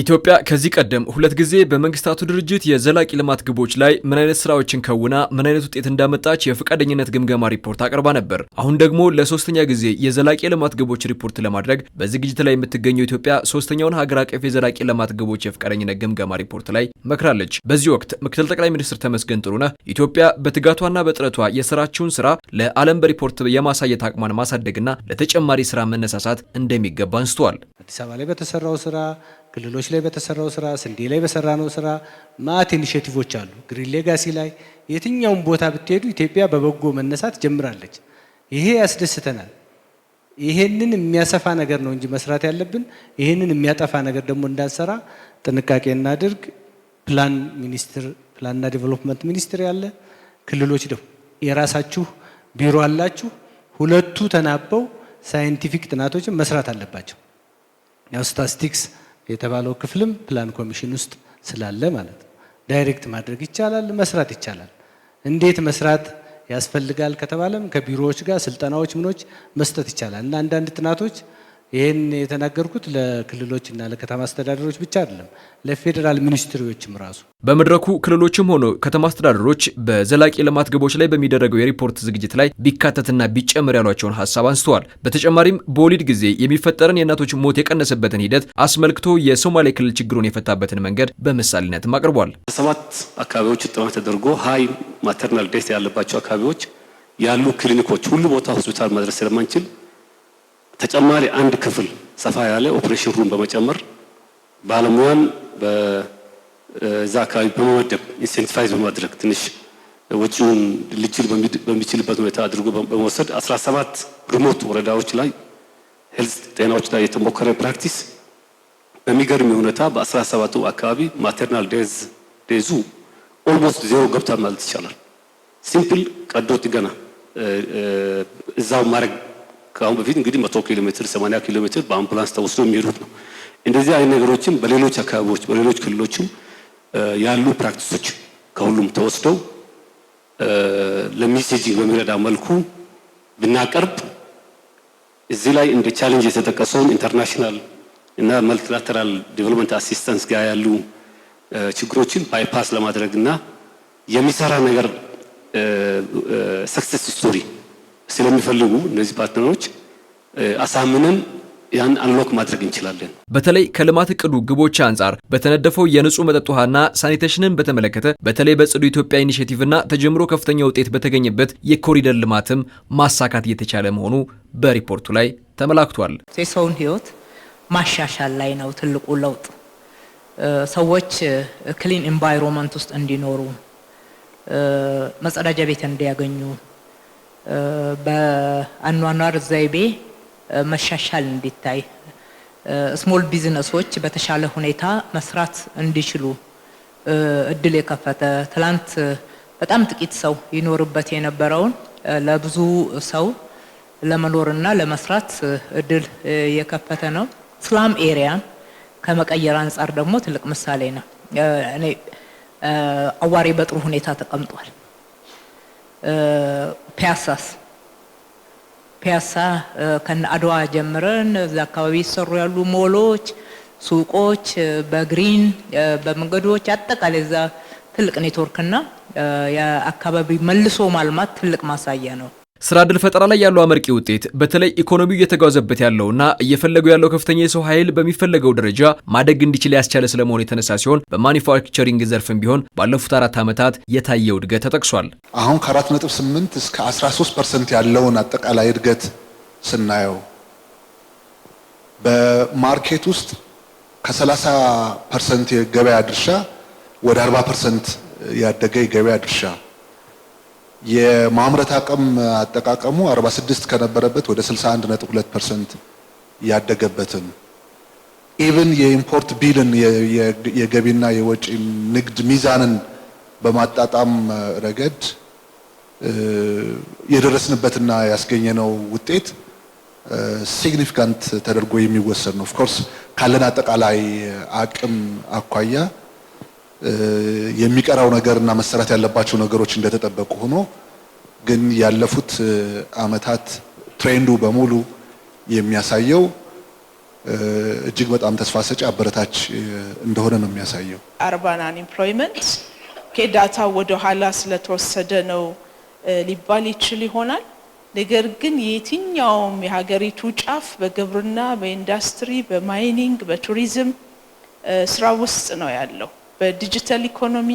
ኢትዮጵያ ከዚህ ቀደም ሁለት ጊዜ በመንግስታቱ ድርጅት የዘላቂ ልማት ግቦች ላይ ምን አይነት ስራዎችን ከውና ምን አይነት ውጤት እንዳመጣች የፈቃደኝነት ግምገማ ሪፖርት አቅርባ ነበር። አሁን ደግሞ ለሶስተኛ ጊዜ የዘላቂ ልማት ግቦች ሪፖርት ለማድረግ በዝግጅት ላይ የምትገኘው ኢትዮጵያ ሶስተኛውን ሀገር አቀፍ የዘላቂ ልማት ግቦች የፈቃደኝነት ግምገማ ሪፖርት ላይ መክራለች። በዚህ ወቅት ምክትል ጠቅላይ ሚኒስትር ተመስገን ጥሩነህ ኢትዮጵያ በትጋቷና በጥረቷ የስራችውን ስራ ለዓለም በሪፖርት የማሳየት አቅሟን ማሳደግና ለተጨማሪ ስራ መነሳሳት እንደሚገባ አንስተዋል። አዲስ አበባ ላይ በተሰራው ስራ ክልሎች ላይ በተሰራው ስራ፣ ስንዴ ላይ በሰራነው ስራ ማት ኢኒሼቲቮች አሉ። ግሪን ሌጋሲ ላይ የትኛውም ቦታ ብትሄዱ ኢትዮጵያ በበጎ መነሳት ጀምራለች። ይሄ ያስደስተናል። ይሄንን የሚያሰፋ ነገር ነው እንጂ መስራት ያለብን ይሄንን የሚያጠፋ ነገር ደግሞ እንዳንሰራ ጥንቃቄ እናድርግ። ፕላን ሚኒስትር ፕላንና ዴቨሎፕመንት ሚኒስትር ያለ ክልሎች ደግሞ የራሳችሁ ቢሮ አላችሁ። ሁለቱ ተናበው ሳይንቲፊክ ጥናቶችን መስራት አለባቸው። ያው ስታስቲክስ የተባለው ክፍልም ፕላን ኮሚሽን ውስጥ ስላለ ማለት ነው። ዳይሬክት ማድረግ ይቻላል፣ መስራት ይቻላል። እንዴት መስራት ያስፈልጋል ከተባለም ከቢሮዎች ጋር ስልጠናዎች ምኖች መስጠት ይቻላል እና አንዳንድ ጥናቶች ይህን የተናገርኩት ለክልሎችና ለከተማ አስተዳደሮች ብቻ አይደለም፣ ለፌዴራል ሚኒስትሪዎችም ራሱ። በመድረኩ ክልሎችም ሆኖ ከተማ አስተዳደሮች በዘላቂ ልማት ግቦች ላይ በሚደረገው የሪፖርት ዝግጅት ላይ ቢካተትና ቢጨምር ያሏቸውን ሀሳብ አንስተዋል። በተጨማሪም በወሊድ ጊዜ የሚፈጠርን የእናቶች ሞት የቀነሰበትን ሂደት አስመልክቶ የሶማሌ ክልል ችግሩን የፈታበትን መንገድ በምሳሌነትም አቅርቧል። ሰባት አካባቢዎች ጥናት ተደርጎ ሀይ ማተርናል ዴት ያለባቸው አካባቢዎች ያሉ ክሊኒኮች ሁሉ ቦታ ሆስፒታል ማድረስ ስለማንችል ተጨማሪ አንድ ክፍል ሰፋ ያለ ኦፕሬሽን ሩም በመጨመር ባለሙያን በዛ አካባቢ በመመደብ ኢንሴንቲቫይዝ በማድረግ ትንሽ ወጪውን ልችል በሚችልበት ሁኔታ አድርጎ በመወሰድ 17 ሪሞት ወረዳዎች ላይ ሄልዝ ጤናዎች ላይ የተሞከረ ፕራክቲስ በሚገርም ሁኔታ በ 17 አካባቢ ማተርናል ዴዝ ዴዙ ኦልሞስት ዜሮ ገብታ ማለት ይቻላል። ሲምፕል ቀዶ ጥገና እዛው ማድረግ ከአሁን በፊት እንግዲህ መቶ ኪሎ ሜትር ሰማንያ ኪሎ ሜትር በአምቡላንስ ተወስዶ የሚሄዱት ነው። እንደዚህ አይነት ነገሮችን በሌሎች አካባቢዎች በሌሎች ክልሎችም ያሉ ፕራክቲሶች ከሁሉም ተወስደው ለሜሴጂንግ በሚረዳ መልኩ ብናቀርብ እዚህ ላይ እንደ ቻሌንጅ የተጠቀሰውን ኢንተርናሽናል እና መልቲላተራል ዲቨሎፕመንት አሲስተንስ ጋር ያሉ ችግሮችን ባይፓስ ለማድረግ እና የሚሰራ ነገር ሰክሰስ ስቶሪ ስለሚፈልጉ እነዚህ ፓርትነሮች አሳምነን ያን አንሎክ ማድረግ እንችላለን። በተለይ ከልማት እቅዱ ግቦች አንጻር በተነደፈው የንጹህ መጠጥ ውሃና ሳኒቴሽንን በተመለከተ በተለይ በጽዱ ኢትዮጵያ ኢኒሼቲቭና ተጀምሮ ከፍተኛ ውጤት በተገኘበት የኮሪደር ልማትም ማሳካት እየተቻለ መሆኑ በሪፖርቱ ላይ ተመላክቷል። የሰውን ህይወት ማሻሻል ላይ ነው ትልቁ ለውጥ። ሰዎች ክሊን ኤንቫይሮንመንት ውስጥ እንዲኖሩ መጸዳጃ ቤት እንዲያገኙ በአኗኗር ዘይቤ መሻሻል እንዲታይ ስሞል ቢዝነሶች በተሻለ ሁኔታ መስራት እንዲችሉ እድል የከፈተ ትላንት በጣም ጥቂት ሰው ይኖርበት የነበረውን ለብዙ ሰው ለመኖርና ለመስራት እድል የከፈተ ነው። ስላም ኤሪያን ከመቀየር አንጻር ደግሞ ትልቅ ምሳሌ ነው። እኔ አዋሬ በጥሩ ሁኔታ ተቀምጧል። ፒያሳስ ፒያሳ ከአድዋ ጀምረን እዛ አካባቢ ይሰሩ ያሉ ሞሎች፣ ሱቆች፣ በግሪን በመንገዶች አጠቃላይ እዛ ትልቅ ኔትወርክና የአካባቢ መልሶ ማልማት ትልቅ ማሳያ ነው። ስራ ዕድል ፈጠራ ላይ ያለው አመርቂ ውጤት በተለይ ኢኮኖሚው እየተጓዘበት ያለውና እየፈለገው ያለው ከፍተኛ የሰው ኃይል በሚፈለገው ደረጃ ማደግ እንዲችል ያስቻለ ስለመሆኑ የተነሳ ሲሆን በማኒፋክቸሪንግ ዘርፍም ቢሆን ባለፉት አራት ዓመታት የታየው እድገት ተጠቅሷል። አሁን ከ4.8 እስከ 13 ፐርሰንት ያለውን አጠቃላይ እድገት ስናየው በማርኬት ውስጥ ከ30 ፐርሰንት የገበያ ድርሻ ወደ 40 ፐርሰንት ያደገ የገበያ ድርሻ የማምረት አቅም አጠቃቀሙ 46 ከነበረበት ወደ 61.2% ያደገበትን ኢቭን የኢምፖርት ቢልን የገቢና የወጪ ንግድ ሚዛንን በማጣጣም ረገድ የደረስንበትና ያስገኘነው ውጤት ሲግኒፊካንት ተደርጎ የሚወሰድ ነው። ኦፍኮርስ ካለን አጠቃላይ አቅም አኳያ የሚቀራው ነገር እና መሰራት ያለባቸው ነገሮች እንደተጠበቁ ሆኖ ግን ያለፉት አመታት ትሬንዱ በሙሉ የሚያሳየው እጅግ በጣም ተስፋ ሰጪ አበረታች እንደሆነ ነው የሚያሳየው። አርባን አንኤምፕሎይመንት ከዳታ ወደ ኋላ ስለተወሰደ ነው ሊባል ይችል ይሆናል። ነገር ግን የትኛውም የሀገሪቱ ጫፍ በግብርና፣ በኢንዱስትሪ፣ በማይኒንግ፣ በቱሪዝም ስራ ውስጥ ነው ያለው። በዲጂታል ኢኮኖሚ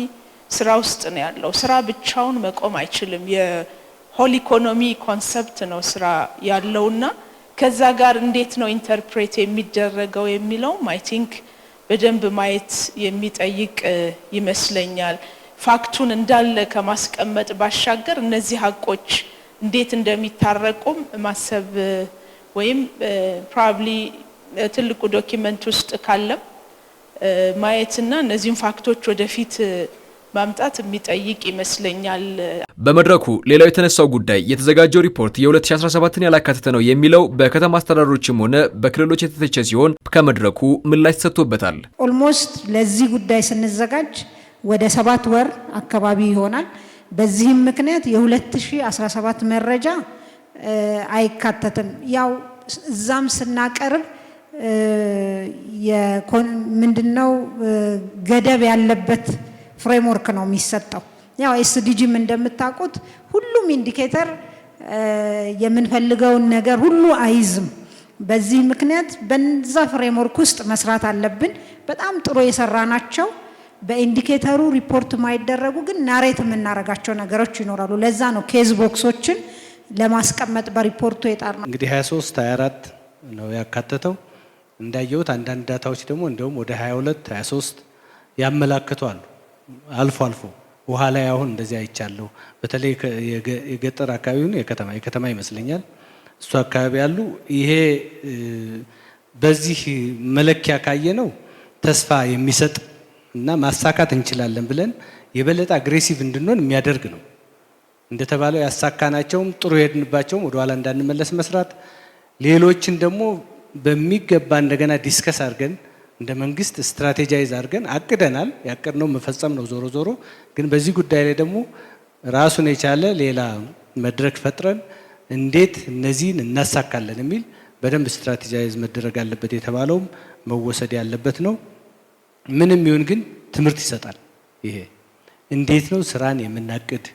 ስራ ውስጥ ነው ያለው። ስራ ብቻውን መቆም አይችልም። የሆል ኢኮኖሚ ኮንሰፕት ነው ስራ ያለውና ከዛ ጋር እንዴት ነው ኢንተርፕሬት የሚደረገው የሚለውም አይ ቲንክ በደንብ ማየት የሚጠይቅ ይመስለኛል። ፋክቱን እንዳለ ከማስቀመጥ ባሻገር እነዚህ ሀቆች እንዴት እንደሚታረቁም ማሰብ ወይም ፕሮባብሊ ትልቁ ዶኪመንት ውስጥ ካለም ማየትና እነዚህን ፋክቶች ወደፊት ማምጣት የሚጠይቅ ይመስለኛል። በመድረኩ ሌላው የተነሳው ጉዳይ የተዘጋጀው ሪፖርት የ2017ን ያላካተተ ነው የሚለው በከተማ አስተዳደሮችም ሆነ በክልሎች የተተቸ ሲሆን ከመድረኩ ምላሽ ተሰጥቶበታል። ኦልሞስት ለዚህ ጉዳይ ስንዘጋጅ ወደ ሰባት ወር አካባቢ ይሆናል። በዚህም ምክንያት የ2017 መረጃ አይካተትም። ያው እዛም ስናቀርብ ምንድነው ገደብ ያለበት ፍሬምወርክ ነው የሚሰጠው። ያው ኤስዲጂም እንደምታውቁት ሁሉም ኢንዲኬተር የምንፈልገውን ነገር ሁሉ አይዝም። በዚህ ምክንያት በዛ ፍሬምወርክ ውስጥ መስራት አለብን። በጣም ጥሩ የሰራ ናቸው። በኢንዲኬተሩ ሪፖርት ማይደረጉ ግን ናሬት የምናረጋቸው ነገሮች ይኖራሉ። ለዛ ነው ኬዝ ቦክሶችን ለማስቀመጥ በሪፖርቱ የጣር ነው። እንግዲህ 23 24 ነው ያካተተው። እንዳየሁት አንዳንድ ዳታዎች ደግሞ እንደውም ወደ 22 23 ያመላክቷል። አልፎ አልፎ ውሃ ላይ አሁን እንደዚህ አይቻለሁ። በተለይ የገጠር አካባቢውን የከተማ የከተማ ይመስለኛል እሱ አካባቢ ያሉ ይሄ በዚህ መለኪያ ካየ ነው ተስፋ የሚሰጥ እና ማሳካት እንችላለን ብለን የበለጠ አግሬሲቭ እንድንሆን የሚያደርግ ነው። እንደተባለው ያሳካናቸውም ጥሩ የሄድንባቸውም ወደኋላ እንዳንመለስ መስራት ሌሎችን ደግሞ በሚገባ እንደገና ዲስከስ አድርገን እንደ መንግስት ስትራቴጃይዝ አድርገን አቅደናል። ያቀድነው መፈጸም ነው። ዞሮ ዞሮ ግን በዚህ ጉዳይ ላይ ደግሞ ራሱን የቻለ ሌላ መድረክ ፈጥረን እንዴት እነዚህን እናሳካለን የሚል በደንብ ስትራቴጃይዝ መደረግ አለበት የተባለውም መወሰድ ያለበት ነው። ምንም ይሁን ግን ትምህርት ይሰጣል። ይሄ እንዴት ነው ስራን የምናቅድ፣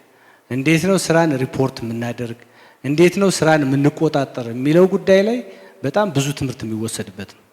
እንዴት ነው ስራን ሪፖርት የምናደርግ፣ እንዴት ነው ስራን የምንቆጣጠር የሚለው ጉዳይ ላይ በጣም ብዙ ትምህርት የሚወሰድበት ነው።